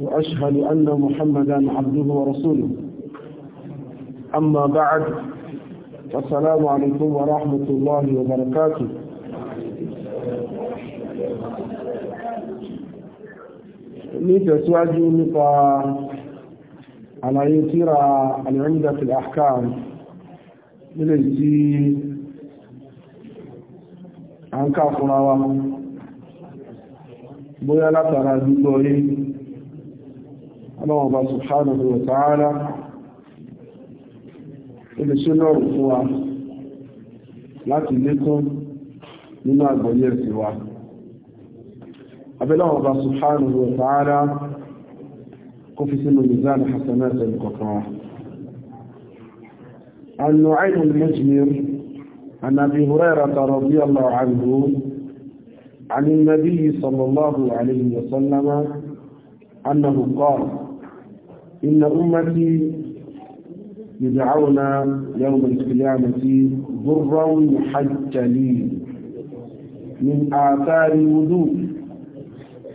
وأشهد أن محمدا عبده ورسوله أما بعد السلام عليكم ورحمة الله وبركاته نيت سواجي نقا على يترى العمدة في الأحكام من الزين عن كافرة بويا لا ترى ọlọ́wọ́n bá subhanahu wa ta'ala olùsínú ọ̀rọ̀ fún wa láti lékún nínú àgbọ́yé ẹ̀sìn wa abẹ́lọ́wọ́n bá subhanahu wa ta'ala kó fi sínú mizan hasanat ẹnìkọ̀kan wa النعيم المجمر عن أبي هريرة رضي الله عنه عن النبي صلى الله عليه وسلم أنه قال إن أمتي يدعون يوم القيامة ضرا محجلين من آثار الوضوء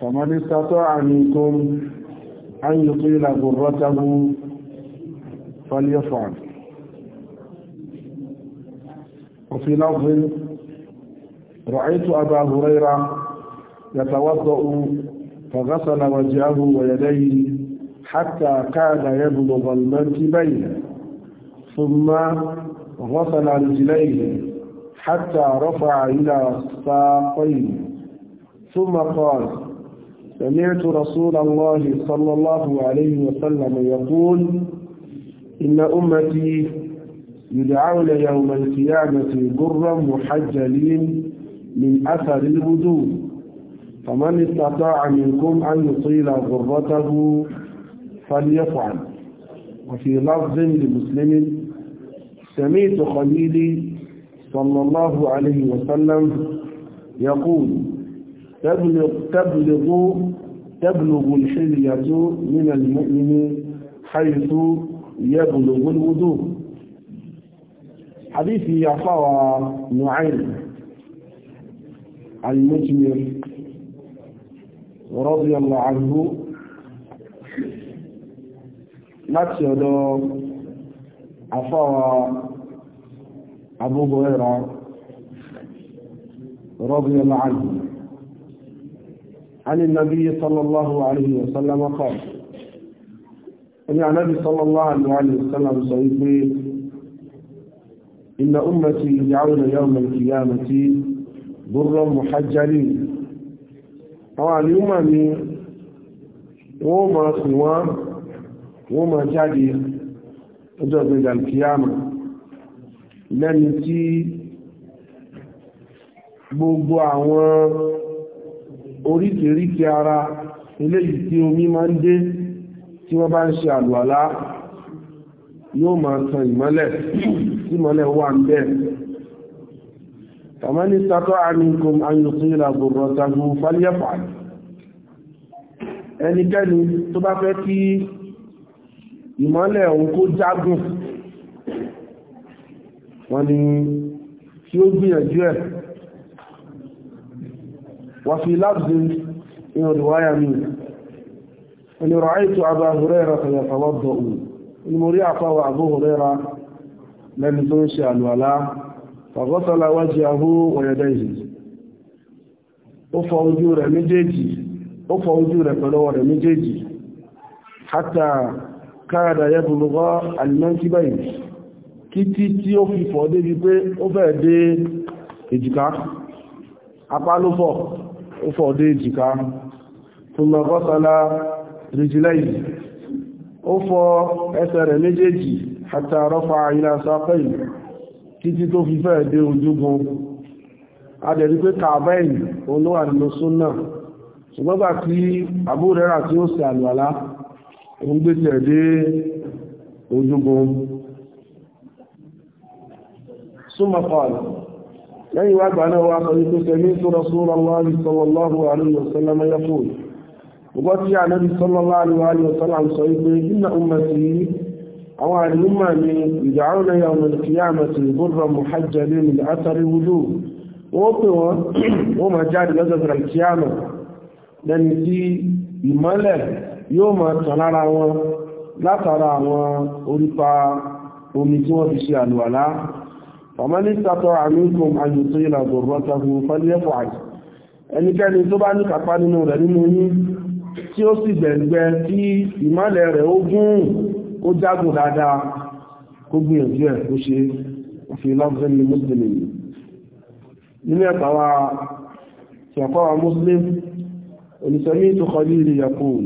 فمن استطاع منكم أن يطيل ضرته فليفعل وفي لفظ رأيت أبا هريرة يتوضأ فغسل وجهه ويديه حتى كان يبلغ المنكبين ثم غسل رجليه حتى رفع إلى الساقين ثم قال سمعت رسول الله صلى الله عليه وسلم يقول إن أمتي يدعون يوم القيامة برا محجلين من أثر الهدوء فمن استطاع منكم أن يطيل غرته فليفعل وفي لفظ لمسلم سمعت خليلي صلى الله عليه وسلم يقول تبلغ تبلغ تبلغ الحلية من المؤمن حيث يبلغ الوضوء حديثي يعطى نعيم المجمر رضي الله عنه láti ọ̀dọ̀ àfáwà abúgbò ẹ̀rọ رضي الله عنه عن النبي صلى الله عليه وسلم قال أن النبي صلى الله عليه وسلم سيقول إن أمتي يدعون يوم القيامة برا محجلين àwọn àlúmà ni wọ́n máa sùn wọ́n wọ́n máa jáde ọjọ́ ìgbẹ̀dà kìíyàmà lẹ́ni tí gbogbo àwọn oríkèríkè ara eléyìí tí omi máa ń dé tí wọ́n bá ń ṣe àlùwàlá yóò máa tan ìmọ́lẹ̀ tí mọ́lẹ̀ wà ń bẹ̀ tàmání sátọ́ àmìkùn àyùkún ìlàgbòrò tàbí fàlẹ́fà ẹnikẹ́ni tó bá fẹ́ kí ìmọ́lẹ̀ òun kó jágùn wọ́n ní tí ó gbìyànjú ẹ̀ وفي لفظ من رواية منه أني رأيت أبا هريرة يتوضأ المريع فهو أبو هريرة لم تنشأ الولاء فغسل وجهه ويديه ó fọ ojú rẹ̀ méjèèjì ó fọ ojú rẹ̀ pẹ̀lú ọwọ́ rẹ̀ méjèèjì حتى káàdà yẹ́bùlùgọ́ alimẹ́ntìbẹ̀yìn kí tí tí ó fi fọ́ débi pé ó fẹ́ dé èjìká apá ló fọ́ ó fọ́ dé èjìká fúnmọ̀gọ́sọ́lá rìjìlẹ́yìn ó fọ́ ẹsẹ̀ rẹ̀ méjèèjì àtàrọ́fà ilẹ̀ sáfẹ́yìn títí tó fi fẹ́ dé ojúgun adẹ̀rí tí àbúrẹ́rà tí ń gbé tí ẹ̀ dé ojúgun súnmọ̀ kọ́ọ̀lù lẹ́yìn wá gbà náà wá sọ wípé sẹ́mi tó Rasulullah sallallahu alaihi wasallam yaqul gbogbo tí Ànábì sallallahu alaihi wasallam sọ wípé inna ummati àwọn àdìmọ̀ wọ́n pè wọ́n wọ́n máa jáde lọ́jọ́ ìrìnkíyàmọ̀ lẹ́ni tí ìmọ́lẹ̀ yóò máa tàn lára wọn látara àwọn orípa omi tí wọ́n fi ṣe àlùwàlá fàmánìsàtọ̀ àmìkùn àyòtò ìlàgbò rọ́tàkù fàlẹ́fọ̀ àti ẹnikẹ́ni tó bá ní kàpá nínú rẹ̀ nínú yín tí ó sì gbẹ̀gbẹ́ tí ìmọ́lẹ̀ rẹ̀ ó gún ó jágùn dáadáa kó gbìyànjú ẹ̀ ó ṣe fi lọ́gbẹ́n ní muslim nínú ẹ̀pàwà ṣẹ̀fọ́wà muslim onísẹ̀mí tó kọjú ìrìyàkùn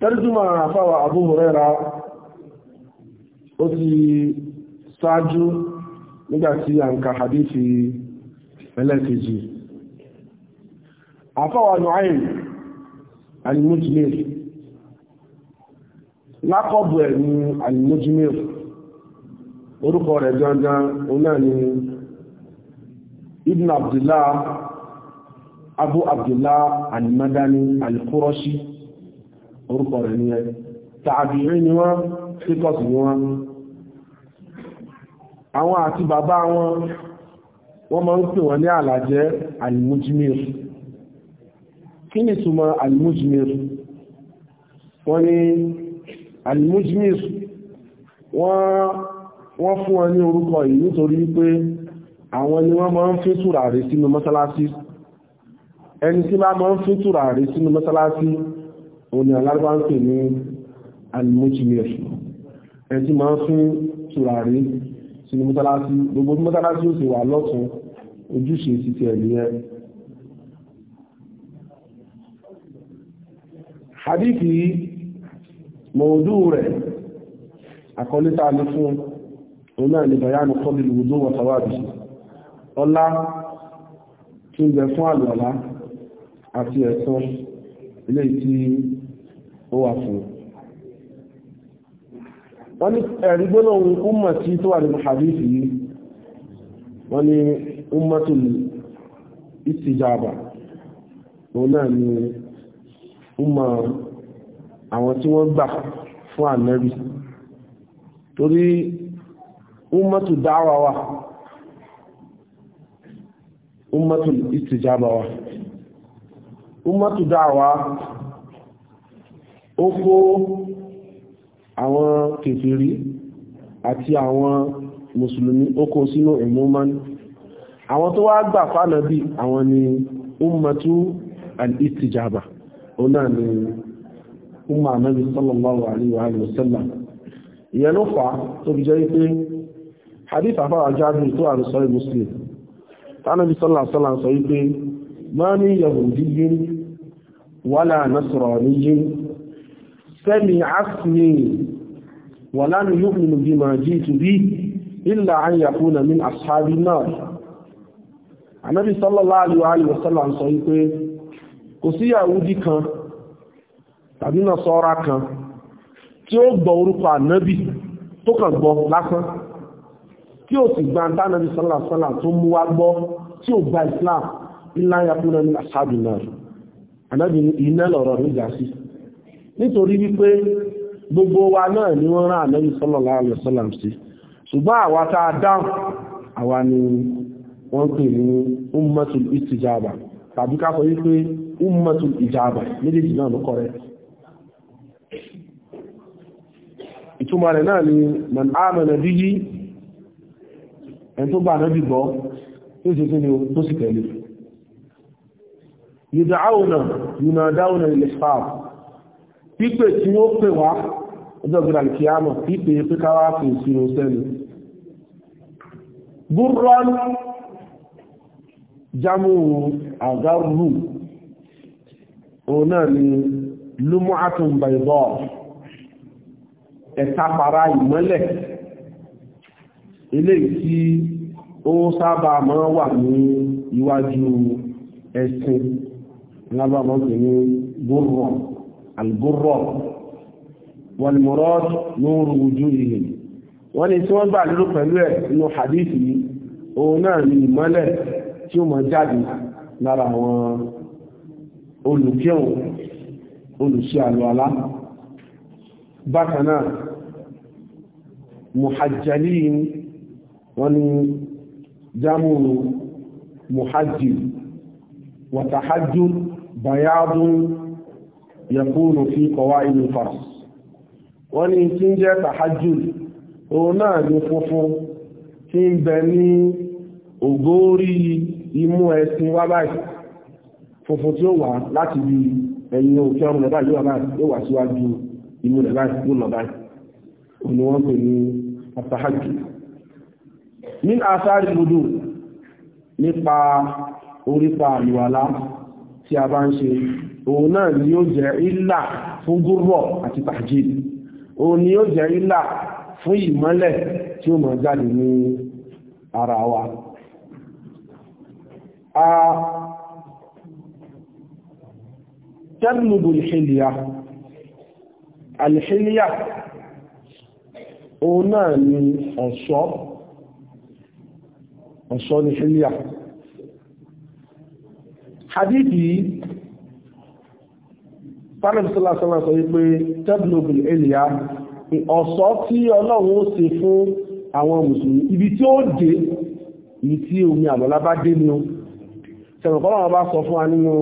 tẹ́rìtúmọ̀ àfáwà Abu Hurairah ó ti ṣáájú nígbàtí a ń ka hadithi ẹlẹ́kejì àfáwà Nu'aym al lákọ̀bù ẹ̀ ní orúkọ rẹ̀ gangan òun náà ni ibn abdullah abu abdullah alimadani alikurashi orúkọ rẹ̀ nìyẹn tàbírí ni wọ́n síkọ̀sì ni wọ́n àwọn àti bàbá wọn wọ́n máa ń pè wọ́n ní àlàjẹ́ alimujimir kí ni túmọ̀ alimujimir wọ́n ní alimujimir wọ́n wọ́n fún wọn ní orúkọ yìí nítorí pé àwọn ni wọ́n máa ń fi tùràrí sínú mọ́sálásí ẹni tí bá máa ń fi tùràrí sínú mọ́sálásí òní alárúbá ń pè ní alimojimir ẹni tí máa rẹ̀ àkọlítà ní fún òun náà ni bayanu fọ́bìlì wùdó wọ̀tàwàbì ọlá tí ń bẹ fún àlùọ̀lá àti ẹ̀sán ilé tí ó wà fún wọ́n ní ẹ̀rí gbóná ohun kúmọ̀ tí tó wà nínú hadith yìí wọ́n ní ummatul istijaba òun náà ni umma àwọn tí wọ́n gbà fún ànábì torí ummatu da'wa wa ummatu istijaba wa ummatu da'wa ó kó àwọn kèfèrí àti àwọn mùsùlùmí ó kó sínú ìmúmánì àwọn tó wá gbà fánàbí àwọn ni ummatu al-istijaba ona ni umma nabi sallallahu alaihi wa sallam ìyẹn ló fà tó hadith afára jáde tó àrùsọ muslim tánàbí sọ́là sọ́là sọ wípé máa ní yahudiyyin wala nasraniyyin sẹ́mi asmi wala yu'minu bima jitu bi illa an yakuna min ashabi nar anábí sallallahu alaihi wasallam sọ wípé kò sí yahudi kan tàbí nasara tí ó gbọ́ orúkọ ànábì tó kàn gbọ́ lásán tí ó sì gba tánàbí sọ́làsọ́là tó mú wá gbọ́ tí ó gba Islam ìlànà kúrò ní àṣàbì náà anábì iná lọ̀rọ̀ ní ìdásí nítorí wípé gbogbo wa náà ni wọ́n rán anábì sọ́lọ̀lá sí ṣùgbọ́n àwa tá a ni wọ́n pè ní ummatul istijaba tàbí ká sọ wípé ummatul ijaba méjèèjì náà ló kọrẹ ìtumọ̀ rẹ̀ náà ni man amana bihi ẹni tó gbà ànábì gbọ́ tó ṣe kí ni tó sì tẹ̀lé yìdáwònà yìnàdáwònà ilẹ̀ fáà pípè tí ó pè wá ọjọ́ gbìdà kí á mọ̀ pípè pé káwá fi ìṣirò sẹ́nu gúrọ́n jámù àgárù òun ni lúmọ́ àtúnbà ìbọ̀ ẹ̀ta pàrà ìmọ́lẹ̀ eléyìí tí ó sábà máa wà ní iwájú ẹ̀sìn lábàmọ́sí ní gúrọ̀ algúrọ̀ wal murad nuru wujuhihim wọ́n ni tí wọ́n gbà lérò pẹ̀lú ẹ̀ inú hadith òun náà ni ìmọ́lẹ̀ tí ó mọ̀ jáde lára àwọn olùkẹ́hùn olùṣẹ́ àlọ́lá bákan muhajjalin wọ́n ní jámù muhajjir wàtàhajjur bayadun yakunu fi qawaid al-fars wọ́n ní tí ń jẹ́ tàhajjur òun náà ní funfun tí ń bẹ ní ògórí imú ẹṣin wá báyìí funfun tí ó wà láti bí ẹ̀yìn òkè ọmọ rẹ̀ báyìí yóò wà síwájú imú rẹ̀ yóò lọ ni wọ́n pè ní ní àṣárí gbogbo nípa orípa àlùwàlá tí a bá ń ṣe òun náà ni ó jẹ́ ìlà fún gúrọ̀ àti tàjí òun ni ó jẹ́ ìlà fún ìmọ́lẹ̀ tí ó mọ̀ jáde ní ara wa a tẹ́lùmùbù ìṣẹ́lìyà alìṣẹ́lìyà òun náà ni ọ̀ṣọ́ ọ̀ṣọ́ ní ṣílíà hadithi pàdàbísọ́lá sọ́lá sọ wípé tẹ́bùlógún èlìyà ọ̀ṣọ́ tí ọlọ́run ó ṣe fún àwọn mùsùlùmí ibi tí ó dé ibi tí omi àmọ́lá bá dé ní sẹ̀rọ̀kọ́lọ́wọ́ bá sọ fún wa nínú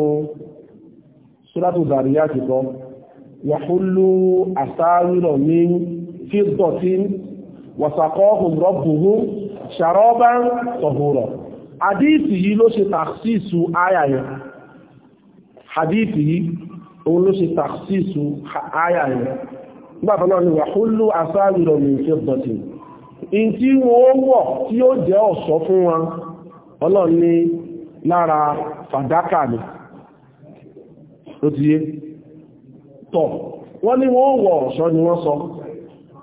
sóràtò dàríyà ṣàrọ́bá tọ̀hùrọ̀ àdíìsì yìí ló ṣe tàṣíṣù áyà yẹn àdíìsì yìí òun ló ṣe tàṣíṣù áyà yẹn nígbàtọ̀ náà ni wà húlù asáàrìrọ̀ ní ìfẹ́ bọ̀tì in tí wọ́n wọ̀ tí ó jẹ́ ọ̀ṣọ́ fún wọn ọlọ́run ní lára fàdákà ni ó ti yé tọ̀ wọ́n ní wọ́n wọ̀ ọ̀ṣọ́ ni wọ́n sọ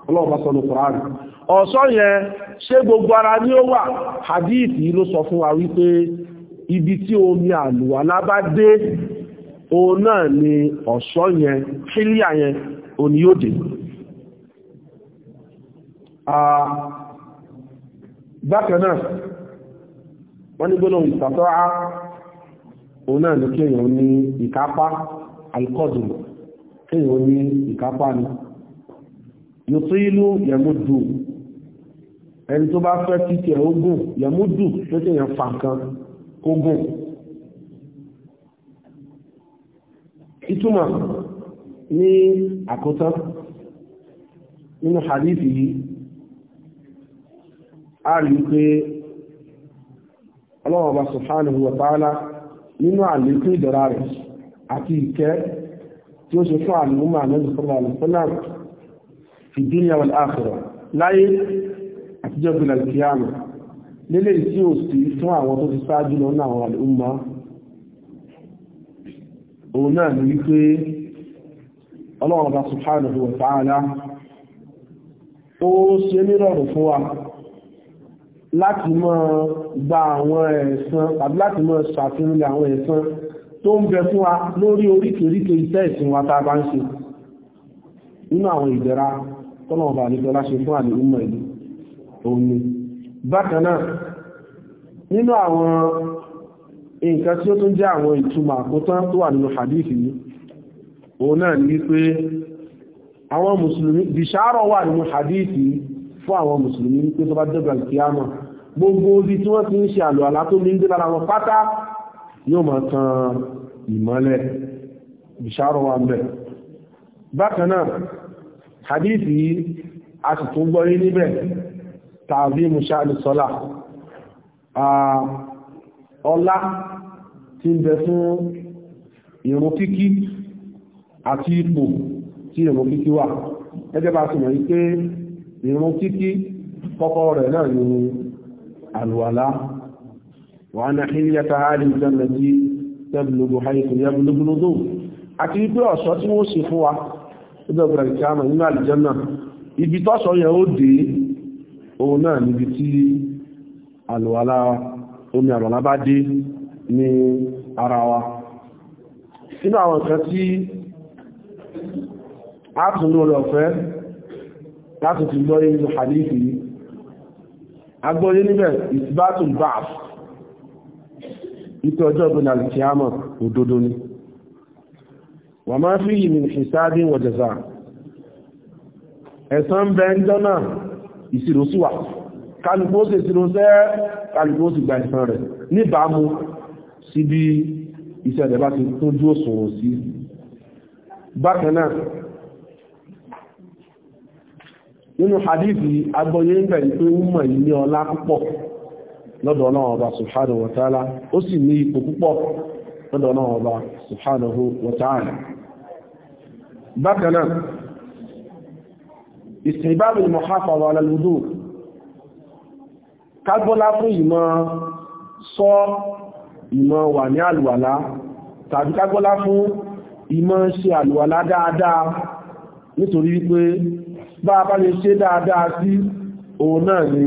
ọlọ́run ọ̀ṣọ́ yẹn ṣé gbogbo ara ni ó wà hadith ló sọ fún wa wípé ibi tí omi àlùwàlá bá dé òun náà ni ọ̀ṣọ́ yẹn kílíà yẹn òní yóò dé bákan náà wọ́n ní gbọ́nà ìsàtọ́ á òun náà ní kéèyàn ní ìkápá alkọ́dùn kéèyàn ní ìkápá ni yóò tó ìlú yẹ̀mú dùn ẹni tó bá fẹ́ títí ẹ̀ ogún yẹmúdù tó ti yẹn fà kan ogún ìtumọ̀ ní àkótán nínú hadithi yìí a rí pé ọlọ́wọ́ bá subhanahu wa ta'ala nínú àlékún ìdọ̀ra rẹ̀ àti ìkẹ́ tí ó ṣe fún àlùmọ́ àmẹ́sọ̀lá àlùfọ́lá fi dunya wal akhirah láyé jẹ́bìn alkiyama lélé tí ó sì fún àwọn tó ti sáájú lọ náà wà lóòmọ́ òun náà ní wípé ọlọ́run bá subhanahu wa ta'ala ó ṣe nírọ̀rùn fún wa láti mọ́ gba àwọn ẹ̀san tàbí láti mọ́ ṣàfihàn àwọn ẹ̀san tó ń bẹ fún wa lórí oríkèríkè iṣẹ́ ìsìn wa tá ń ṣe nínú àwọn ìdẹ̀ra tọ́lọ̀ọ̀bà nígbọ́lá ṣe fún àlè ìmọ̀ ìlú òun ni bákan náà nínú àwọn nǹkan tí ó tún jẹ́ àwọn ìtumọ̀ àkótán tó wà nínú hadithi yìí òun náà ní pé àwọn mùsùlùmí bìṣàárọ̀ wà nínú hadithi fún àwọn mùsùlùmí wípé tó bá dẹ́gbà kíámà gbogbo ibi tí wọ́n ti ń ṣe àlò àlá tó ní ń dé lára wọn pátá yóò máa tan ìmọ́lẹ̀ bìṣàárọ̀ wà ń bẹ̀ bákan náà hadithi a sì tún gbọ́ yé níbẹ̀ tàbí mùsàlù sọ́lá ọlá tí ń bẹ fún ìrun kíkí àti ipò tí ìrun kíkí wà ẹgbẹ́ bá ti mọ̀ wípé ìrun kíkí kọ́kọ́ rẹ̀ náà ni àlùwàlá wà ní àhíríyàta àárín ìjọ́nà tí tẹ́bùlógún haìkù yẹ́bùlógúnlógó àti wípé ọ̀ṣọ́ tí wọ́n òun náà níbi tí àlùwàlá omi àlùwàlá bá dé ní ara wa inú àwọn nǹkan tí a tún ní orí ọ̀fẹ́ láti ti gbọ́ inú hadithi yìí agbóyé níbẹ̀ ìsìbátùn báf ìpé ọjọ́ ìgbìnà alìkíyàmọ̀ òdodo ni wà máa fi yìí min hisabin wa jaza ìṣirò sí wà kálùkù ó sì ìṣirò sẹ́ kálùkù ó sì gba ìsan rẹ̀ níbàámu sí bí iṣẹ́ rẹ̀ bá ti tójú òṣòro sí bákan náà nínú hadithi agbóyé ń bẹ̀rẹ̀ pé wọ́n mọ̀ ní ọlá púpọ̀ lọ́dọ̀ Ọlọ́run Ọba subhanahu wa ta'ala ó sì ní ipò púpọ̀ lọ́dọ̀ Ọlọ́run Ọba subhanahu wa ta'ala bákan ìsìnbáàbì mọ̀háfàwà alàlùdó kágbọ́lá fún ìmọ̀ sọ ìmọ̀ wà ní àlùwàlá tàbí kágbọ́lá fún ìmọ̀ ṣe àlùwàlá dáadáa nítorí wípé bá bá lè ṣe dáadáa sí òun náà ni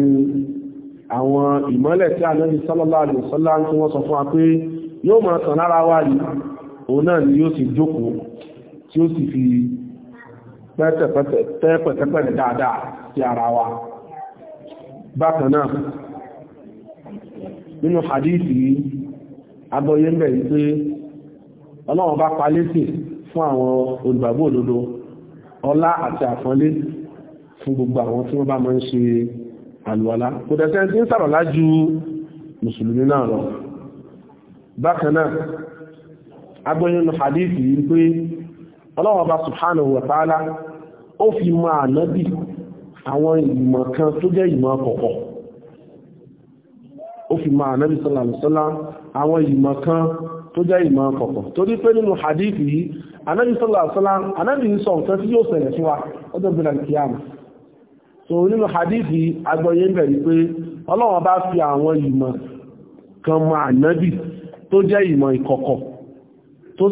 àwọn ìmọ́lẹ̀ tí Ànábì sallallahu alaihi wasallam tí wọ́n sọ fún wa pé yóò máa tàn lára ni yóò sì jókòó tí pẹ́pẹ̀tẹ́pẹ̀tẹ́ dáadáa sí ara wa bákan náà nínú hadisi yìí agbọ́yé ń bẹ̀ yí pé ọlọ́run bá palẹ́sì fún àwọn olùgbàgbọ́ òdodo ọlá àti àpọ́nlé fún gbogbo àwọn tí wọ́n bá máa ń ṣe àlùwàlá kò dẹ̀sẹ̀ tí ń sàrọ̀lá ju mùsùlùmí náà lọ bákan náà agbọ́yé nínú hadisi yìí pé ọlọ́run bá subhanahu wa ta'ala ó fi mọ ànábì àwọn ìmọ̀ kan tó jẹ́ ìmọ̀ kọ̀kọ̀ ó fi mọ ànábì sọ́làmùsọ́lá àwọn ìmọ̀ kan tó jẹ́ ìmọ̀ kọ̀kọ̀ torí pé nínú hadith yìí ànábì sọ́làmùsọ́lá ànábì ń sọ nǹkan tí yóò ṣẹlẹ̀ fún wa ọjọ́ bí kìíyàmù so nínú hadith yìí agbọ́yé ń bẹ̀rẹ̀ pé ọlọ́wọ́n bá fi àwọn ìmọ̀ kan mọ ànábì tó jẹ́ ìmọ̀ ìkọ̀kọ̀ tó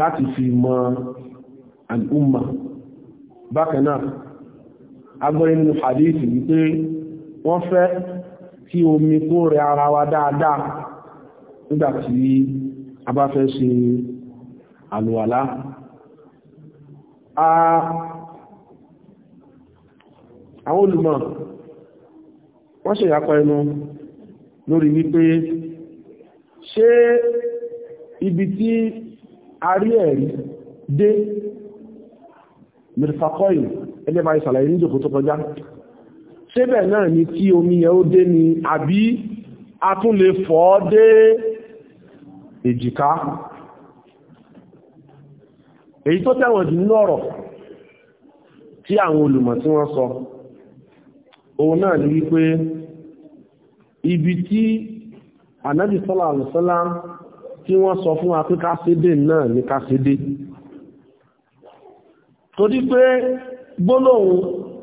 láti fi mọ and umma bákan náà agbọ́rin nínú hadithi wípé wọ́n fẹ́ kí omi kó rẹ ara wa dáadáa nígbàtí a bá fẹ́ ṣe àlùwàlá àwọn olùmọ̀ wọ́n ṣe ìyapa ẹnu lórí wípé ṣé ibi tí a rí ẹ̀rí dé mìrìfàkọ́ì ẹgbẹ́ bá ìsàlàyé ní ìjòkó tó kọjá ṣébẹ̀ náà ni tí omi yẹn ó dé ni àbí a tún lè fọ́ dé èjìká èyí tó tẹ̀wọ̀n jù nínú ọ̀rọ̀ tí àwọn olùmọ̀ tí wọ́n sọ òun náà ni wípé ibi tí ànábì sọ́lá àlùsọ́lá tí wọ́n sọ fún wa náà ni ká torí pé gbólóhùn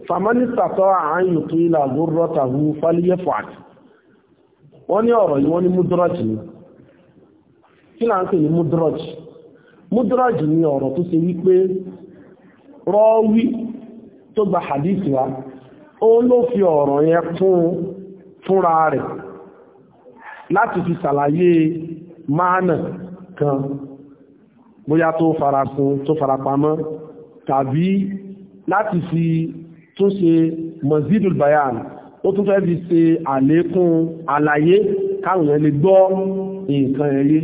fàmánítàtọ́ àáyùkú ilà gúrọ́tàwú fáliyẹ́fàt wọ́n ní ọ̀rọ̀ yìí wọ́n ní múdúrọ́jì ni kí là ń pè ní múdúrọ́jì múdúrọ́jì ni ọ̀rọ̀ tó ṣe wípé rọ́wí tó gba hadith wa ó ló fi ọ̀rọ̀ yẹn kún fúnra rẹ̀ láti fi ṣàlàyé máànà kan bóyá tó fara sun tó fara pamọ́ tàbí láti fi tún ṣe mazidul bayan ó tún fẹ́ fi ṣe àlékún àlàyé káwọn èèyàn lè gbọ́ nǹkan ẹ̀yẹ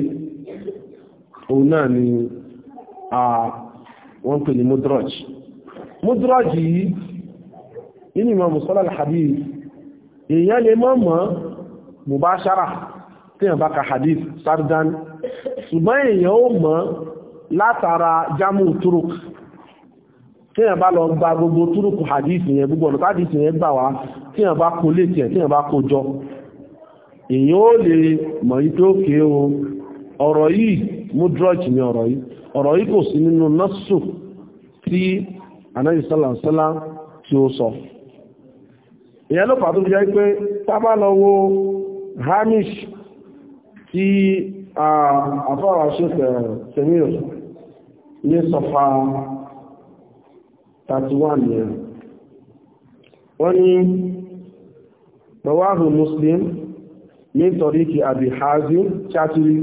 òun náà ni wọ́n pè ní mudraj mudraj yìí inú ìmọ̀ musola al-hadith èèyàn lè mọ́ mọ́ mubashara tí yàn bá ka hadith sardan ṣùgbọ́n èèyàn ó mọ́ látara jamu turuk tíyàn bá lọ gba gbogbo túrùkù hadith yẹn gbogbo ọ̀nà hadith yẹn gbà wá tíyàn bá kó létí ẹ̀ tíyàn bá kó jọ èyàn ó lè mọ̀ yí pé ó kéé o ọ̀rọ̀ yìí mudraj ni ọ̀rọ̀ yìí ọ̀rọ̀ yìí kò sí nínú nọ́sù tí anáyí sálàsálà tí ó sọ ìyẹn ló pàtó jẹ́ pé tábà lọ wo hamish tí àfọwọ́ tẹ̀míọ̀ ní sọfà 31 yẹn wọ́n ní rawahu muslim min tariqi abi hazim chatiri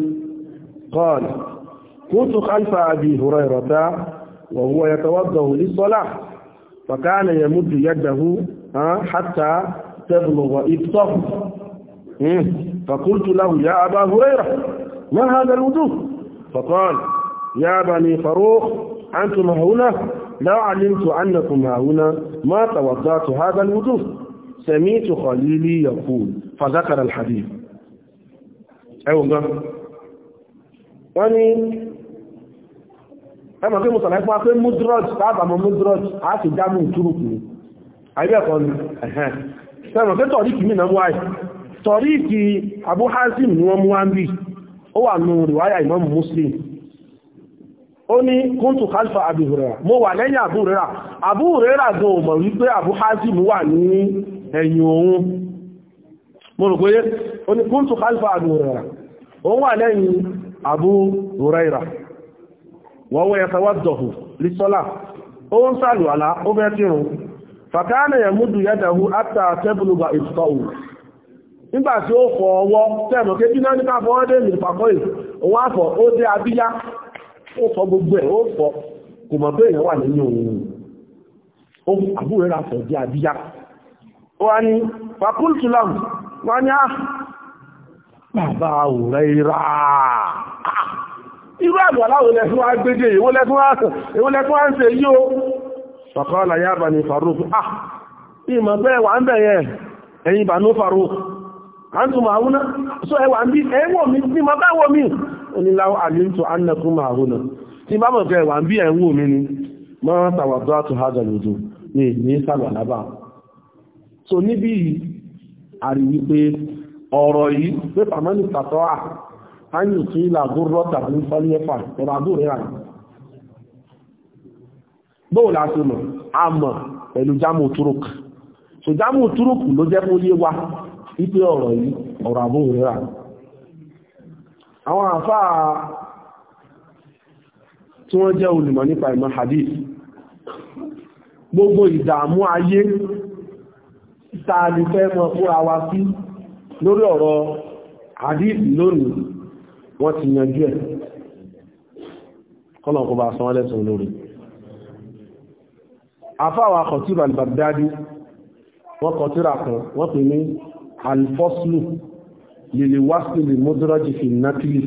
qala kuntu khalfa abi hurayrata wa huwa yatawaddahu lis-salah fa kana yamuddu yadahu hatta tablugha ibtahu فقلت له يا أبا هريرة ما هذا الوجوه فقال يا بني فروخ أنتم هنا لو علمت أنكم هنا ما توضعت هذا الوضوء سميت خليلي يقول فذكر الحديث ẹwọ̀n gan wọ́n ni ẹmọ̀ tí mo sọ̀rọ̀ ẹgbà pé mudroj tábàmọ̀ mudroj a ti dámù túrùkù àìbẹ̀kọ́ ni ẹ̀hẹ́n ẹmọ̀ pé tọ̀ríkì mìíràn mú àì tọ̀ríkì Abu Hazim ni wọ́n mú wá ń bí ó wà nù ó ní kúntù kálfà Abu mo wà lẹ́yìn Abu Hurairah Abu gan ò wípé Abu wà ní ẹ̀yìn òun mo rò pé ó ní kúntù kálfà Abu òun wà lẹ́yìn Abu wọ́n wọ́n yẹta wádọ̀hù lítọ́lá ó ń sàlù àlá ó fẹ́ kírun múdù ó fọ ọwọ́ ó dé abíyá ó sọ gbogbo ẹ̀ ó sọ kò mọ̀ bẹ́ẹ̀ wà nínú òun ah, ah, sọ jẹ́ àbíyá wọ́n ní fakultulam wọ́n ní á bàbá òrẹ́ ìrà irú àgbàláwò lẹ́fún wá gbéjì ìwó lẹ́fún wá ń ṣe yíó sọ̀kọ́ àlàyé àbàní Farouk ah ìmọ̀ bẹ́ẹ̀ wà ń bẹ̀yẹ ẹ̀yìn àǹtùmọ̀ àwúná so ẹwà ń bí ẹ̀wọ̀ mi ni ma bá mi oníláwọ́ àlíntò annakuma àwúná tí ti mọ̀ pé ẹwà ń bí ẹ̀wọ̀ mi ni máa tàwàdọ́ àtò hajjọ̀lódò ní ní sàlọ̀lábà so níbi àrí wípé ọ̀rọ̀ yìí pé pàmánì pàtọ́ à ányì tí làgúrọ́ tàbí fọ́lẹ́fà ọ̀rọ̀ àbúrẹ́ rà bóò láti mọ̀ àmọ̀ pẹ̀lú jámù wa wípé ọ̀rọ̀ yìí ọ̀rọ̀ àbúrò rírà àwọn àfáà tí wọ́n jẹ́ olùmọ̀ nípa ìmọ̀ hadith gbogbo ìdààmú ayé tààlì fẹ́ mọ́ fúra wa sí lórí ọ̀rọ̀ hadith lónìí wọ́n ti yanjú ẹ̀ kọ́lọ̀kú bá wọ́n kọ kan wọ́n pè ní alfọ́sùlù lèlè wáṣù lè mọ́dúrọ́jì fi nákìlì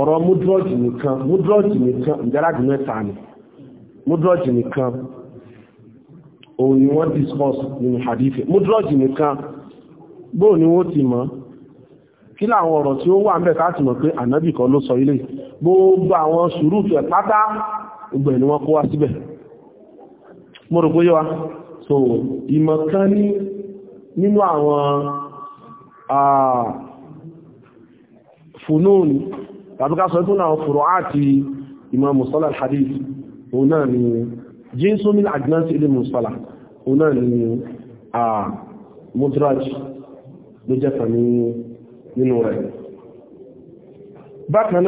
ọ̀rọ̀ mọ́dúrọ́jì nìkan mọ́dúrọ́jì nìkan ìdárájì mẹ́ta ni mọ́dúrọ́jì nìkan hadith mọ́dúrọ́jì nìkan bóò ni wọ́n ti mọ̀ kí láwọn ọ̀rọ̀ tí ó wà mẹ́ káàtì mọ̀ pé ànábì kan sọ ilé gbogbo àwọn sùúrù kó wá síbẹ̀ mo rò wa so ìmọ̀ kan ní nínú àwọn fùnún tàbí ká sọ tó náà fùrọ̀ àti ìmọ̀ mùsọ́lá hadith òun náà ni jínsú min àjínáṣì ilé mùsọ́lá òun náà ni mudraj ló jẹ́ kan nínú rẹ̀ bákan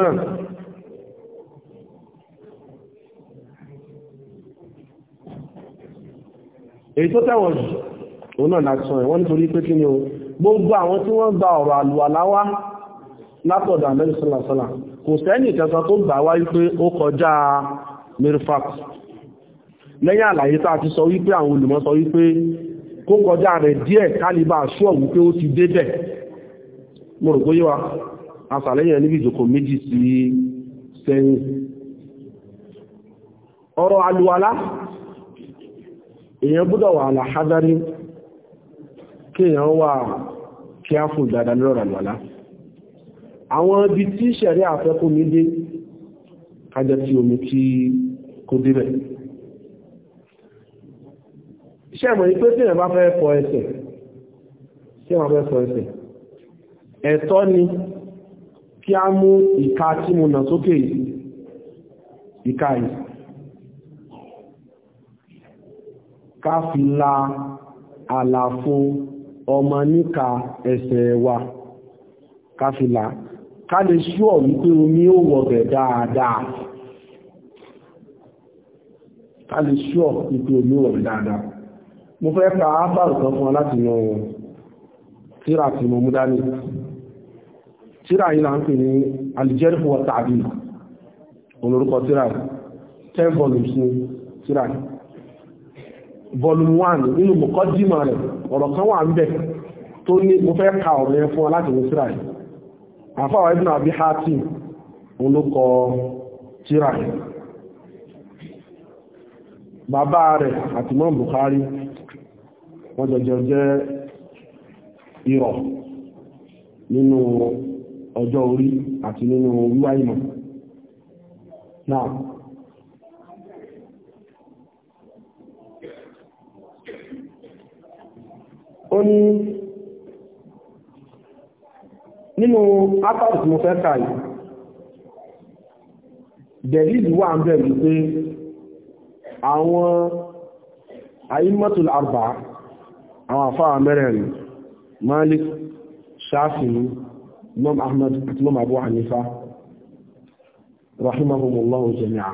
èyí tó tẹ̀wọ̀n jù òun náà láti sọ ẹ̀ wọ́n nítorí pé kí ni o gbogbo àwọn tí wọ́n gba ọ̀rọ̀ àlùwàláwá látọ̀dọ̀ àmẹ́rì kò sẹ́ni ìkẹta tó gbà wá wípé ó kọjá mirfak lẹ́yìn àlàyé tá a ti sọ wípé àwọn olùmọ̀ sọ wípé kó kọjá rẹ̀ díẹ̀ kálíbà ṣọ́ wípé ó ti débẹ̀ mo rò bóyá asàlẹ́yìn níbi ọ̀rọ̀ àlùwàlá èèyàn gbọ́dọ̀ wà àlàhádárí kí èèyàn wà kí á fún ìdàdà lọ́rọ̀ àlọ́lá àwọn ibi tí ṣẹ̀rí àfẹ́kún mi dé kájẹ́ tí omi tí kò débẹ̀ iṣẹ́ mọ̀ ní pé tí èèyàn bá fẹ́ fọ ẹsẹ̀ tí èèyàn fẹ́ fọ ẹ̀tọ́ ni kí á mú ìka tí mo nà sókè ìka yìí ká fi la àlàfo ọmọ níka ẹsẹ̀ wa ká fi la ká lè ṣúọ̀ wípé omi ó wọ̀bẹ̀ dáadáa ká lè ṣúọ̀ wípé omi ó wọ̀bẹ̀ dáadáa mo fẹ́ ka ábàrù kan fún ọ láti nà tíra tí mo mú dání tíra yìí là ń pè ní alìjẹ́rìfọwọ́ tàbí olórúkọ tíra 10 volumes ní tíra yìí volume one nínú mọ̀kọ́dìmọ̀ rẹ̀ ọ̀rọ̀ kan wà ń bẹ̀ tó ní mo fẹ́ ka ọ̀rọ̀ yẹn fún ọ láti wọ́n síra yìí àfáwà ibùn àbí hati olókọ síra yìí bàbá rẹ̀ àti mọ́ Bukhari wọ́n jọjọ jẹ́ irọ̀ nínú ọjọ́ orí àti nínú wíwá ìmọ̀ náà ó ní nínú ápàtì tí mo fẹ́ kà yìí dẹ̀lìlì wà ń bẹ̀rù pé àwọn àyímọ́tòlù àbá àwọn àfáà mẹ́rẹ̀ẹ̀rin Malik Shafi'i Imam Ahmad àti Imam Abu Hanifa rahimahumullahu jami'a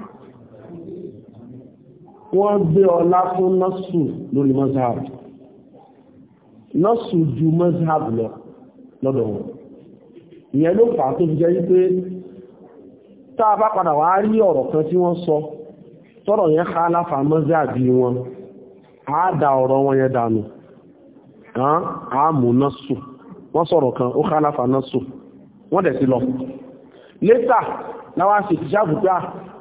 wọ́n gbé ọlá fún násù lórí mazhab lọ́sùn ju mọ́sáàbù lọ lọ́dọ̀ wọn ìyẹn ló fà tó fi jẹ́ wípé tá a bá padà wá rí ọ̀rọ̀ kan tí wọ́n sọ tọ́rọ̀ yẹn ká láfà mọ́sáàbù wọn á da ọ̀rọ̀ wọn yẹn dànù á mú nọ́sù wọ́n sọ̀rọ̀ kan ó ká láfà nọ́sù wọ́n dẹ̀ sí lọ létà láwá ṣe ìṣàbù pé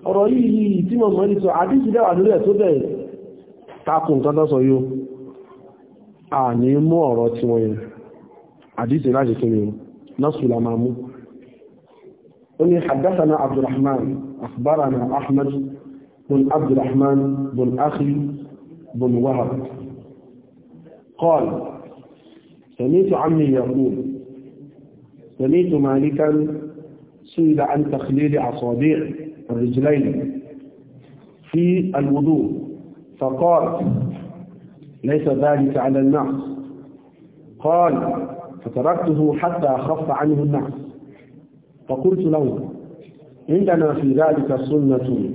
ọ̀rọ̀ yìí tí mo mọ̀ ní sọ àdíjì dẹ́wà lórí ẹ̀ tó bẹ̀ takùn kan tó sọ yóò àní mú ọ̀rọ̀ tí wọ́n yẹn àdíṣe láti kí ni násùlá máa mú oní ní haddathana abdulrahman akhbarana ahmad bin abdulrahman bin akhi bin wahab قال سمعت عمي يقول سمعت an سئل عن تخليل أصابع fi في الوضوء فقال ليس ذلك على النعس قال فتركته حتى خف عنه النعس فقلت له عندنا في ذلك سنة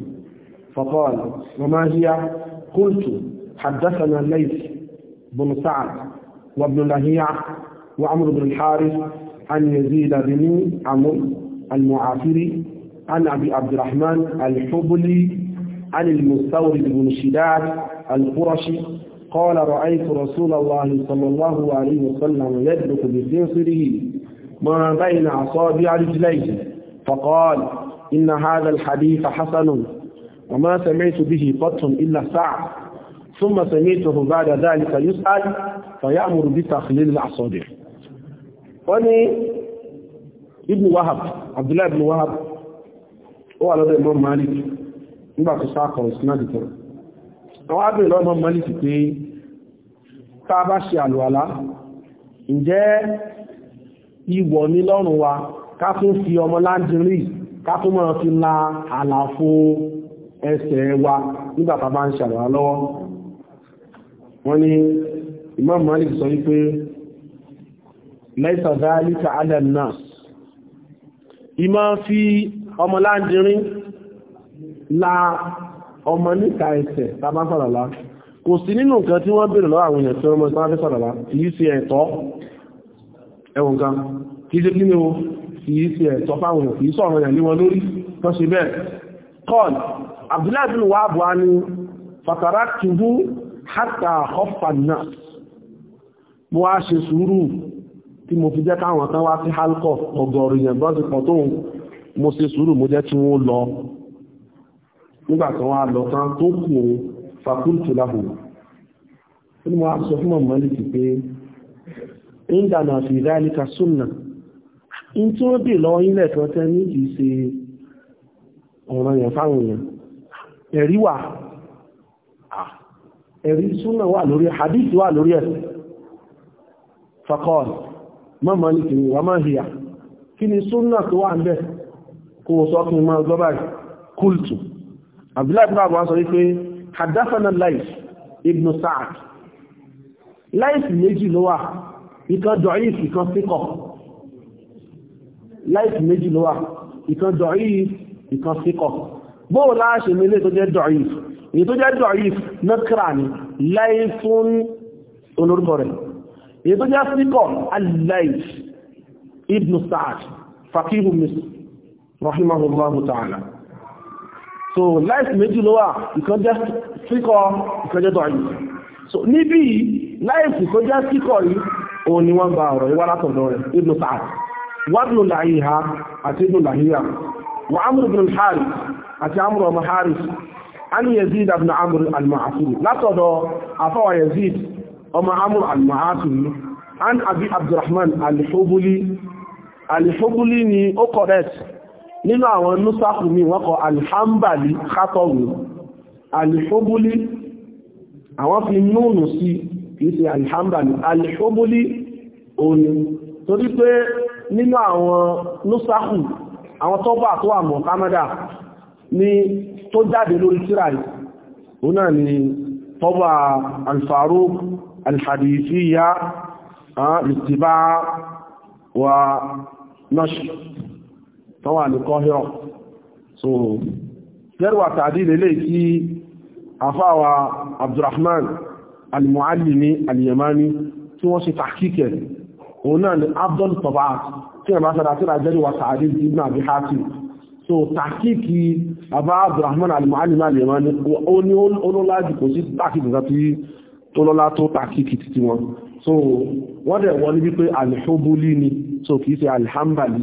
فقال وما هي قلت حدثنا الليث بن سعد وابن لهيع وعمر بن الحارث عن يزيد بن عمرو المعافري عن أبي عبد الرحمن الحبلي عن المستورد بن شداد القرشي قال رأيت رسول الله صلى الله عليه وسلم يدلك بسنصره ما بين أصابع رجليه فقال إن هذا الحديث حسن وما سمعت به قط إلا ساعة ثم سمعته بعد ذلك يسأل فيأمر بتخليل الأعصاب وني ابن وهب عبد الله بن وهب هو على الإمام مالك نبقى ساقه وسنادته àwọn ábẹ̀ lọ́nà mọ́lìkì pé tá bá ṣe àlùwàlá ǹjẹ́ ìwọ̀ ní lọ́rùn wa ká tún fi ọmọ láńdìrí ká tún mọ́ fi la àlàfo ẹsẹ̀ wa nígbà tá bá ń ṣe lọ́wọ́ wọ́n ní Imam la ọmọ níka ẹsẹ̀ tàbá sàrànlá kò sí nínú nǹkan tí wọ́n bèèrè lọ́wọ́ àwọn èèyàn tí wọ́n mọ́ sàrànlá kìí ṣe ẹ̀tọ́ ẹ̀wọ̀n nǹkan o kìí ni fatara tubu hatta hofana mo wá ṣe sùúrù tí mo fi jẹ́ káwọn kan wá sí halkọ ọgọ́rùn-ún yẹn bọ́sì pọ̀ tóun mo ṣe sùúrù mo jẹ́ kí wọ́n lọ nígbà tó wọ́n á lọ tán tó kù o fakultu lahu ó ní wọ́n á sọ fún mọ̀ mọ́lìkì pé ń dànà fi dhalika súnà in tí ó dè lọ ilẹ̀ kan tẹ́ ní kìí ọ̀rọ̀ yẹn fáwọn èèyàn ẹ̀rí wà ẹ̀rí súnà wà lórí hadith wà lórí ẹ̀ fakọ́ọ̀lù mọ́mọ́ ní kìí wà máa hìyà kí ni súnà tó wà ń bẹ̀ kò sọ kí n máa kúltù abdullahi ibn abu sọ wípé hadassana lais ibn sa'ad lais méjì ló wà ìkan dọ̀íf ìkan síkọ̀ lais méjì ló wà ìkan dọ̀íf ìkan síkọ̀ bóò láàṣẹ mẹ́lẹ́ tó jẹ́ dọ̀íf èyí tó jẹ́ dọ̀íf nakra ni laifun olórúkọ rẹ̀ èyí tó jẹ́ síkọ̀ al ibn sa'ad faqihu misr rahimahullahu ta'ala so láìsí méjì ló wà ìkan jẹ́ síkọ̀ ìkan jẹ́ dọ̀yìn so níbí láìsí tó jẹ́ síkọ̀ yìí òun ni wọ́n gba ọ̀rọ̀ ìwà látọ̀dọ̀ rẹ̀ ibn sa'ad wàbnu làhíhá àti ibn làhíhá wà ámúrù ibn hàrì àti ámúrù ọmọ hàrì ani yazid ibn amr al-ma'asiri látọ̀dọ̀ afọwà yazid ọmọ amr al-ma'asiri an abi abdurrahman al-hubuli al-hubuli ni ó correct nínú àwọn núsáfù mi wọ́n kọ alhambali kátọ̀wù alhobuli àwọn fi núùnù sí kìí ṣe alhambali alhobuli òní torí pé nínú àwọn núsáfù àwọn tọ́bà tó wà mọ̀ kámẹ́dà ní tó jáde lórí tíra yìí òun náà ni tọ́bà alfaruq alhadifiyya al-ittiba' wa nashr tó wà ní kọ́hírọ̀ so jẹ́rùwà tàbí lélẹ̀ kí afáwa abdurrahman al-muallimi al-yamani tí wọ́n ṣe tàkíkẹ̀ òun náà ni abdul tabat tí a bá sára tí a jẹ́rùwà tàbí ibn abi hatim so tàkíkì abá abdurrahman al-muallimi al-yamani ó ní olólájì kò sí tàkíkì tó lọ́lá tó tàkíkì títí wọn so wọ́n dẹ̀ wọ́n ní wípé alhubuli ni so kìí ṣe alhambali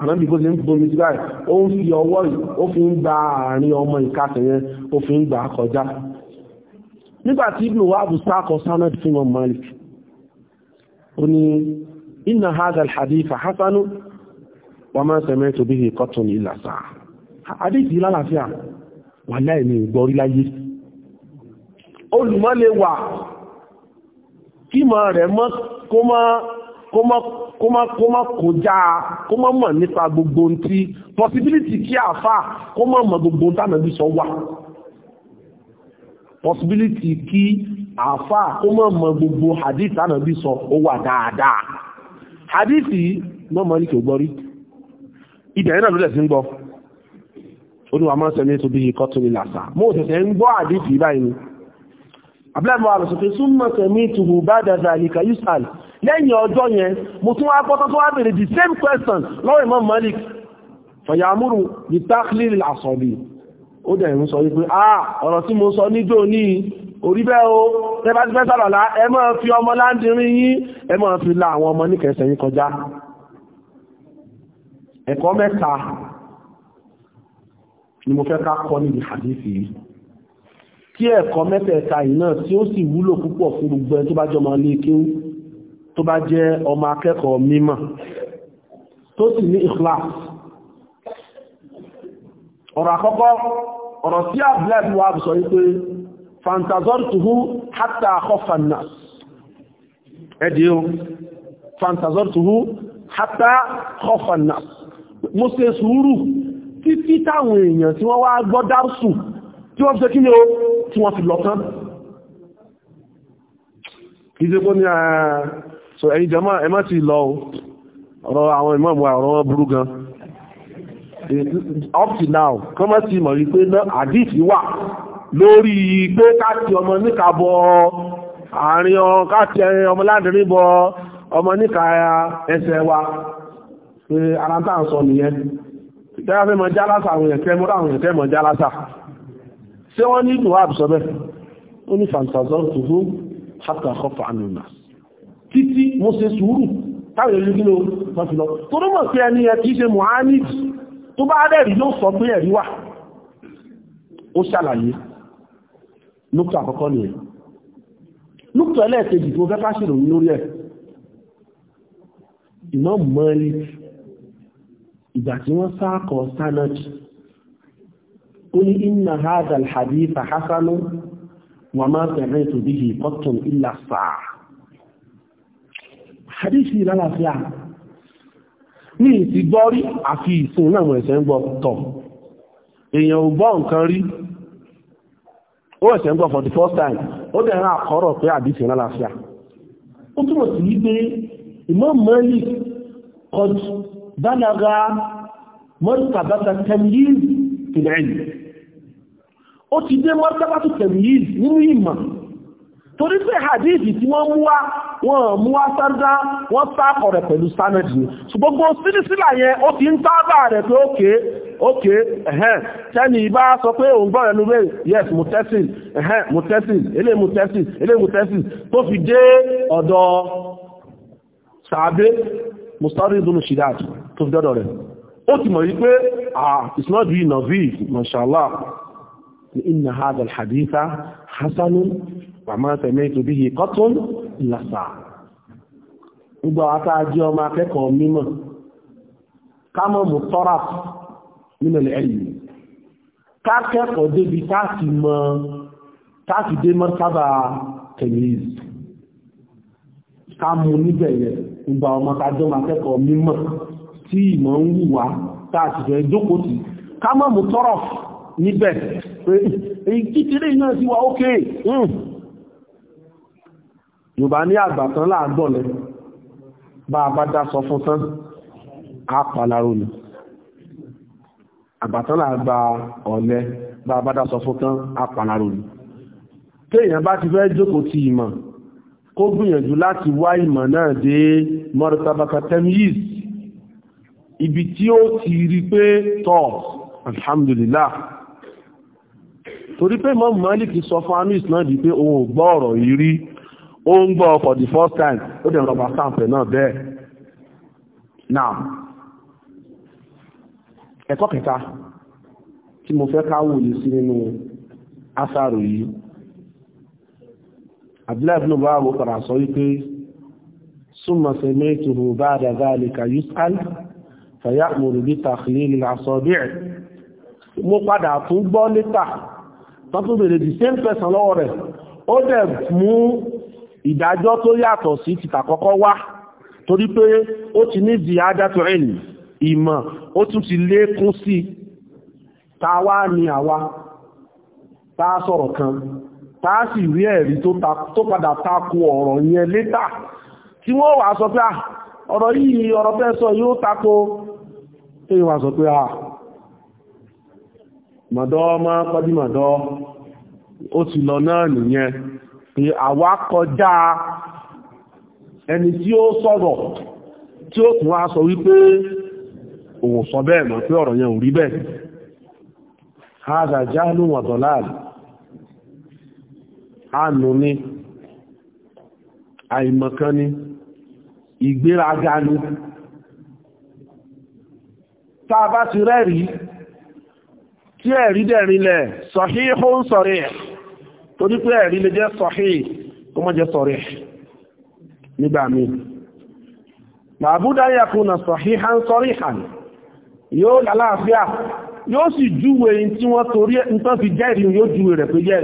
ànábì bó ṣe ń bomi sí báyìí ó ń fi ọwọ́ yìí ó fi ń gba àárín ọmọ ìkàsẹ̀ yẹn ó fi ń gbà kọjá nígbà tí ibùdó wa bù sáàkọ sanad fún ọmọ Malik ó ní inna hadha alhadith hasanu wa ma sami'tu bihi qattu illa sa'a àdéhìí lálàáfíà wà láì ní ìgbọ́rí láyé olùmọ́ lè wà kí mọ́ rẹ̀ mọ́ kó mọ́ kó má kó má kọjá kó má mọ̀ nípa gbogbo ntí possibility kí àfà kó má mọ̀ gbogbo ntánàbí sọ wà possibility kí àfà kó má mọ̀ gbogbo hadith tánàbí sọ ó wà dáadáa hadith yìí mọ́ mọ́ ní kò gbọ́rí ibẹ̀ náà ló dẹ̀ sí ń gbọ́ olúwa máa ń sẹ́ni tó bí ikọ́ tó ní làṣà mo ò tẹ̀sẹ̀ ń gbọ́ hadith abúlẹ́mọ̀ àrùsùfẹ́ súnmọ̀ tẹ̀mí ìtùgbù bá dàdà àyíká yusal lẹ́yìn ọjọ́ yẹn mo tún wá gbọ́tọ́ tó wá bèèrè the same question lọ́wọ́ Imam Malik fọ̀yàmúrù ní táklìl àsọ̀bì ó dẹ̀ ń sọ wípé ah ọ̀rọ̀ tí mo sọ níjó ní orí bẹ́ o tẹ́bá ti fẹ́ sàrọ̀lá ẹ má fi ọmọ láńdìrín yín ẹ má fi la àwọn ọmọ níkẹsẹ̀ yín kọjá ẹ̀kọ́ mẹ́ta ni mo hadisi tí ẹ̀kọ́ mẹ́tẹ̀ẹ̀ta yìí náà tí ó sì wúlò púpọ̀ fún gbogbo ẹni tó bá jọmọ ilé kéwú tó bá jẹ́ ọmọ akẹ́kọ̀ọ́ mímọ̀ tó sì ní ikhlas ọ̀rọ̀ àkọ́kọ́ ọ̀rọ̀ tí abdullahi bin wahab sọ wípé fantazortuhu hatta khafa an-nas ẹ̀dì o fantazortuhu hatta khafa an wọ́n wá gbọ́ dárùsù tí wọ́n fi ṣe kí ni ó tí wọ́n fi lọ tán ìdíkó ní àà ah, so ẹ̀yin jama ẹ má ti lọ ọ̀rọ̀ àwọn ìmọ̀mù ọ̀rọ̀ wọn burú gan up to now kọ́ má ti mọ̀ wípé àdìsí wà lórí pé káàkiri ọmọ níka bọ àárín káàkiri ọmọ ládìrín bọ ọmọ níka ẹsẹ̀ wa pé ara táà sọ nìyẹn tẹ́lá fẹ́ mọ jálásà àwọn èèyàn kẹ́ mọ́ àwọn èèyàn kẹ́ mọ́ jálásà ṣé wọ́n ní ìdùn àbùsọ bẹ́ẹ̀ ó ní fàǹtàzọ́ tó fún hàtà kọfà àmìmà títí mo ṣe sùúrù táwọn ìlú gílò wọ́n fi lọ tó ló mọ̀ pé ẹni ẹ kìí ṣe mohamed tó bá rẹ̀rí ìmọ̀ mọ́lì ìgbà tí wọ́n sáàkọ̀ sánàdì ó ní inna hadha al-hadith hasanu wa ma sami'tu bihi qattun illa sa'a hadith yìí lálàáfíà ní ìsìgbọ́rí àfi ìsìn náà mọ̀ ẹ̀sẹ̀ ń gbọ́ tọ̀ èèyàn ò gbọ́ nǹkan rí ó ẹ̀sẹ̀ ń gbọ́ for the first time ó dẹ̀ rán àkọ́rọ̀ pé àdìsí lálàáfíà ó túnmọ̀ sí wípé Imam Malik qad balaga mọ́tàbátà tẹ̀lé ìlẹ́yìn ó ti dé mọ́tàbátù tẹ̀míyìí nínú ìmọ̀ torí pé hadithi tí wọ́n mú wá wọ́n mú wá sáńdá wọ́n sáàkọ̀ rẹ̀ pẹ̀lú sanadi ṣùgbogbo sílìsílà yẹn ó ti ń tábà rẹ̀ pé ókè ókè ẹ̀hẹ́n tẹ́ni ìbá sọ pé òun gbọ́rẹ̀ ló yes mutesin ẹ̀hẹ́n mutesin ilé mutesin ilé mutesin tó fi dé ọ̀dọ̀ sàábé mustari dunu shidad tó fi dọ́dọ̀ rẹ̀ ó ti mọ̀ wípé ah it's not really novice mashallah ni inna hadha alhaditha hasanun wa ma sami'tu bihi qatun lasa gbogbo ata jẹ́ ọmọ akẹ́kọ̀ọ́ mímọ̀ kámọ̀ mú tọ́ra nínú ẹ̀yìn ká kẹ́kọ̀ọ́ débi táàkì mọ́ táàkì dé mọ́ sábà tẹ̀lẹ́yìn ká mú níbẹ̀ yẹn gbogbo ọmọ akẹ́kọ̀ọ́ mímọ̀ tí ìmọ̀ ń wùwá táàtì fẹ́ jókòó tì ká mọ̀ mú tọ́rọ̀ níbẹ̀ èyí kíkiri náà ti wà ókè hmm. yorùbá ní àgbàtán láàgbọ̀lẹ̀ bá abájá sọ fún tán àpàlárò ni àgbàtán láàgbà ọ̀lẹ́ bá abájá sọ fún tán àpàlárò ni téèyàn bá ti fẹ́ jókòó ti ìmọ̀ kó gbìyànjú láti wá ìmọ̀ náà dé mọ́rítàbàkà tẹ́míyìí ibi tí ó ti rí pé tọ́ alhamdulillah torí pé Imam Malik sọ fún amis náà di pé òun gbọ́ ọ̀rọ̀ yìí rí ó ń gbọ́ for the first time ó dẹ̀ rọ̀bà sáǹpẹ̀ náà bẹ́ẹ̀ náà ẹ̀kọ́ kẹta tí mo fẹ́ káwò lè sí nínú asàrò yìí Abdullah ibn Umar kọ̀rọ̀ sọ wípé súnmọ̀ sẹ́mẹ́tò bá dàgbà lè kà yus'al fẹ̀yàmùrù bí tàkìlìlì àsọ̀bí ẹ̀ mo padà tún gbọ́ lítà tọ́tún bèèrè the same person lọ́wọ́ rẹ̀ ó dẹ̀ mú ìdájọ́ tó yàtọ̀ sí tìtà kọ́kọ́ wá torí pé ó ti ní di adájọ́ ìmọ̀ ta wá ní àwa ta sọ̀rọ̀ kan ta sì rí ẹ̀rí tó padà takò ọ̀rọ̀ yẹn lítà tí wọ́n wà sọ ah, ọ̀rọ̀ yìí ọ̀rọ̀ tẹ́ yóò tako èyí wà sọ pé à ah, mọ̀dọ́ ma pọ́dí mọ̀dọ́ ó ti lọ náà nìyẹn pé àwa kọjá ẹni tí ó sọ́rọ̀ tí ó tún wá sọ wípé òun sọ bẹ́ẹ̀ mọ̀ pé ọ̀rọ̀ yẹn ò rí bẹ́ẹ̀ ìgbéraga ni tá a bá ti rẹ́rí tí ẹ̀rí dẹ̀rinlẹ̀ sọ̀hí ó ń sọ̀rí ẹ̀ tó ní pé ẹ̀rí lè jẹ́ sọ̀hí ó mọ́ jẹ́ sọ̀rí ẹ̀ nígbà míì màbúdá yakuna sọ̀hí hàn sọ̀rí hàn yóò lálàáfíà yóò sì júwe tí wọ́n torí nǹkan fi jẹ́rìí yóò júwe rẹ̀ pé yẹ́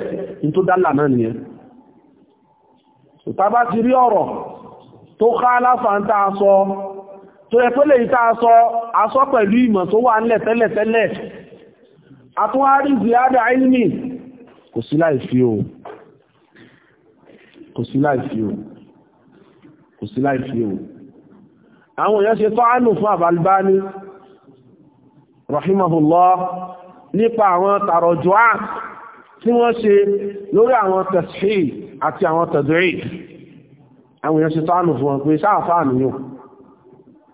tó ká aláfà ń tàà sọ tó yẹ tó lè yí tàà sọ asọ́ pẹ̀lú ìmọ̀ tó wà ńlẹ̀ tẹ́lẹ̀tẹ́lẹ̀ àtúnwárí ziyada ilmi kò sí láì fi o kò sí láì fi o kò sí láì fi o àwọn èèyàn ṣe tọ́ánù fún àbálbání rahimahullah nípa àwọn tàrọjọ́ tí wọ́n ṣe lórí àwọn tẹ̀sí àti àwọn tẹ̀dẹ̀rẹ̀ àwọn èèyàn ṣe tánù fún wọn pé sáàfáà nìyàn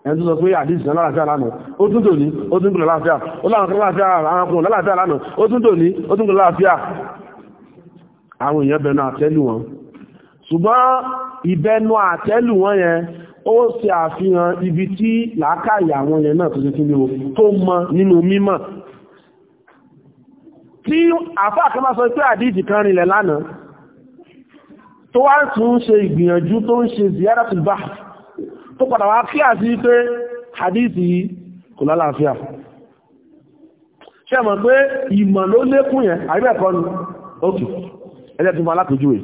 ẹni tó sọ pé àdíjì náà láàáfíà lánàá ó tún tò ní ó tún gbọ́nà láàáfíà ó láwọn kan láàáfíà arákùnrin láàáfíà lánàá ó tún tò ní ó tún gbọ́nà láàáfíà àwọn èèyàn bẹnu àtẹ́lù wọn ṣùgbọ́n ìbẹnu àtẹ́lù wọn yẹn ó ṣe àfihàn ibi tí làákàyè àwọn yẹn náà tó ṣe kí ni o tó mọ nínú mímọ̀ tí àfáà kan bá sọ pé àdíjì kan rinlẹ̀ lánàá tó wá ń tún ṣe ìgbìyànjú tó ń ṣe ziyaratul bahth tó padà wá kí àti pé hadithi kò lálàáfíà ṣe mọ̀ pé ìmọ̀ ló lékún yẹn àríbẹ̀kọ́ ni ókè ẹjẹ́ tí mo alákòjúwé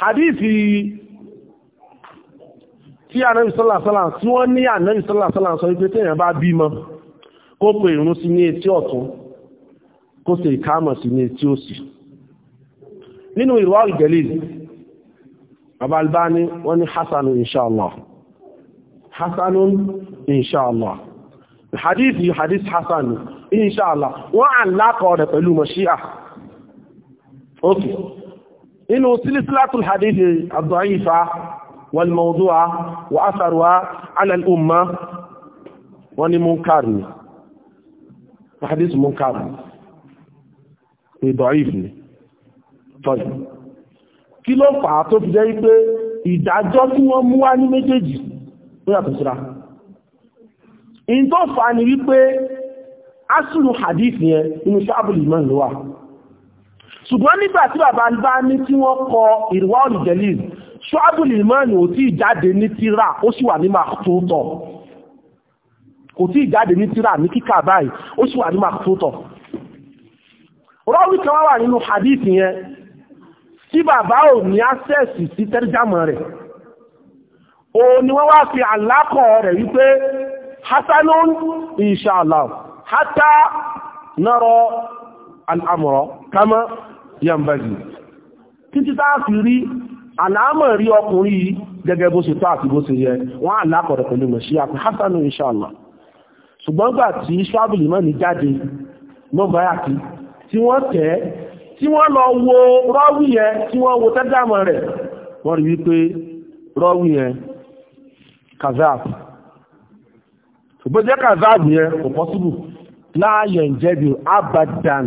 hadithi tí ànábì sọ́làsọ́là tí wọ́n ní ànábì sọ́làsọ́là sọ wípé tẹ́yàn bá bímọ kó pè ìrún sí ní etí ọ̀tún kó ṣe ìkámọ̀ sí ní etí òsì nínú ìwà ìjẹ̀lì bàbá albani wọ́n ní hasanu inshallah hasanun inshallah hadith yìí hadith hasanu inshallah wọ́n àlákọ̀ rẹ̀ pẹ̀lú mọ̀ṣíà ok inú sílísílátùl hadith ad-da'ifa wal mawdu'a wa atharuha 'ala al-umma wọ́n ní munkar ni hadith munkar ni da'if ni tọ́yì kí ló fà á tó fi jẹ́ wípé ìdájọ́ tí wọ́n mú wá ní méjèèjì ó yàtọ̀ síra in tó fà á ni wípé asùlù hadith yẹn inú sábùlì mọ́ ìlú wa ṣùgbọ́n nígbà tí bàbá bá ní tí wọ́n kọ ìrìwá olùjẹ́lì ṣọ́bùlì mọ́ni ò tí ìjáde ní tíra ó sì wà ní màtútọ̀ kò tí ìjáde ní tíra ní kíkà báyìí ó sì wà ní màtútọ̀ rọ́wì kan wà nínú hadith yẹn tí bàbá ò ní ásẹ̀sì sí tẹ́rìjàmọ̀ rẹ̀ o ni wọ́n wá fi àlákọ̀ rẹ̀ wípé hasanun inshallah hatta nara al'amura kama yambazi. títí tá fi rí àlámọ̀ rí ọkùnrin yìí gẹ́gẹ́ bó ṣe tó àti bó ṣe yẹ wọ́n àlákọ̀ rẹ̀ pẹ̀lú mẹ̀ṣí àpẹ hasanun inshallah tí wọ́n lọ wo rọ́wì yẹn tí wọ́n wo tẹ́dàmọ̀ rẹ̀ wọ́n rí wípé rọ́wì yẹn kazab ṣùgbọ́n jẹ́ yẹn kò pọ́síbù láàyè ìjẹ́bi abadan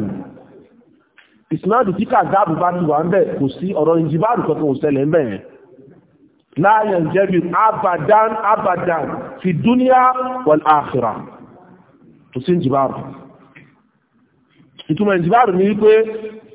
ìsìnàdù tí kazab bá ti wà ń bẹ̀ kò sí ọ̀rọ̀ ìjìbáàrù kankan ò ṣẹlẹ̀ ń bẹ̀ yẹn láàyè abadan abadan fi dúníà wal akhirah kò sí ìjìbáàrù ìtumọ̀ ìjìbáàrù ni wípé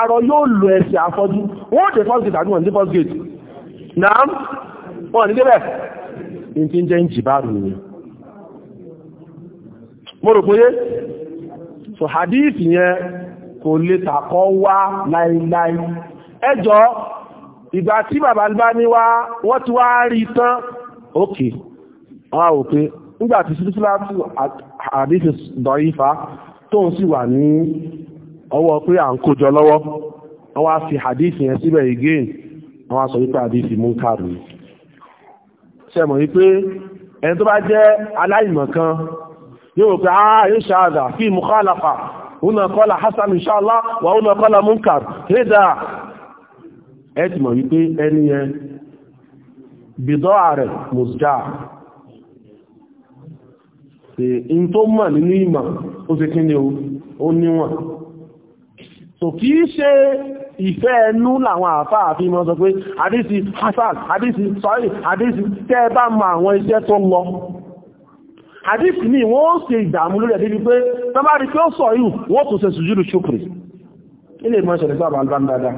arọ yóò lo ẹsẹ̀ afọ́jú wọ́n dé first gate àdúgbò ní first gate náà wọ́n ní débẹ̀ ní tí ń jẹ́ ń jì ní mo pé so hadith yẹn kò lè tàkọ́ wá láíláí ẹjọ́ ìgbà tí bàbá bá ní wá wọ́n ti wá rí tán òkè wọ́n rò pé nígbà tí sílísílá ọwọ́ pé à ń kójọ lọ́wọ́ wọ́n wá fi hadith yẹn síbẹ̀ again wọ́n wá sọ wípé hadith munkar ni sẹ́mọ̀ wípé ẹni tó bá jẹ́ aláìmọ̀ kan yóò pé ah yóò ṣáàdà fi mukhalafa una qala hasan inshallah wa una qala munkar hídà ẹ ti mọ̀ wípé ẹni yẹn bìdọ́ ààrẹ mùsùlá in tó mọ̀ nínú ìmọ̀ ó ti kí ni ó níwọ̀n tò kí í ṣe ìfẹ́ ẹnú làwọn àáfàá àfi mọ́ sọ pé àdísì hasan àdísì sọ́rí àdísì tẹ́ bá mọ àwọn iṣẹ́ tó lọ àdísì ní wọ́n ṣe ìdààmú lórí ẹ̀dí wípé tọ́bárí pé ó sọ yìí wọ́n tún ṣe sùjúdù ṣùkùrì ilé ìmọ̀ ìṣẹ̀lẹ̀ sábà alban dada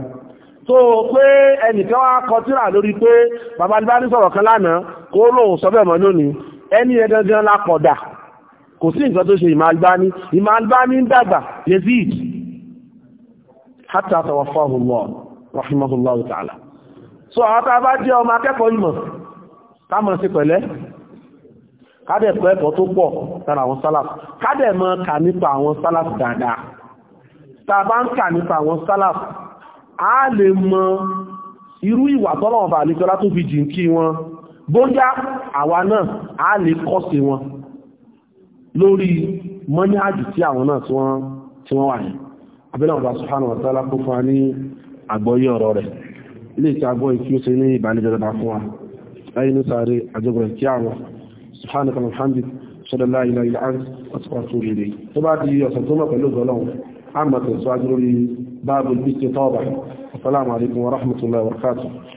tó pé ẹnìkan wá kọ tírà lórí pé bàbá alibani sọ̀rọ̀ kan lánàá kó lóun sọ bẹ́ẹ̀ mọ́ lónìí ẹni yẹn gangan lápọ̀dà kò sí nǹkan tó ṣe ìmọ̀ alibani ìmọ̀ alibani ń dàgbà yezid hátà tàwàfáhù lọ rahimahullahu ta'ala so àwọn tá a bá jẹ́ ọmọ akẹ́kọ̀ọ́ ìmọ̀ táàmọ̀ sí pẹ̀lẹ́ kádẹ̀ pẹ́ ẹ̀kọ́ tó pọ̀ lára àwọn sálàf kádẹ̀ mọ́ kà nípa àwọn sálàf dáadáa tá a bá ń kà nípa àwọn sálàf a lè mọ irú ìwà tọ́lọ̀wọ̀n tí àwọn náà tí wọ́n wà yìí abẹ́lẹ̀ ọba subhanahu wa ta'ala kó fún wa ní àgbọ́yé ọ̀rọ̀ rẹ̀ ilé ìta àgbọ́ ìkí ó ṣe ní ìbánidọ́dọ́dá fún wa láyé ní sáré àjọgbọ̀rẹ̀ kí àwọn subhanahu wa ta'ala sọ́dọ̀lá ilẹ̀ ilẹ̀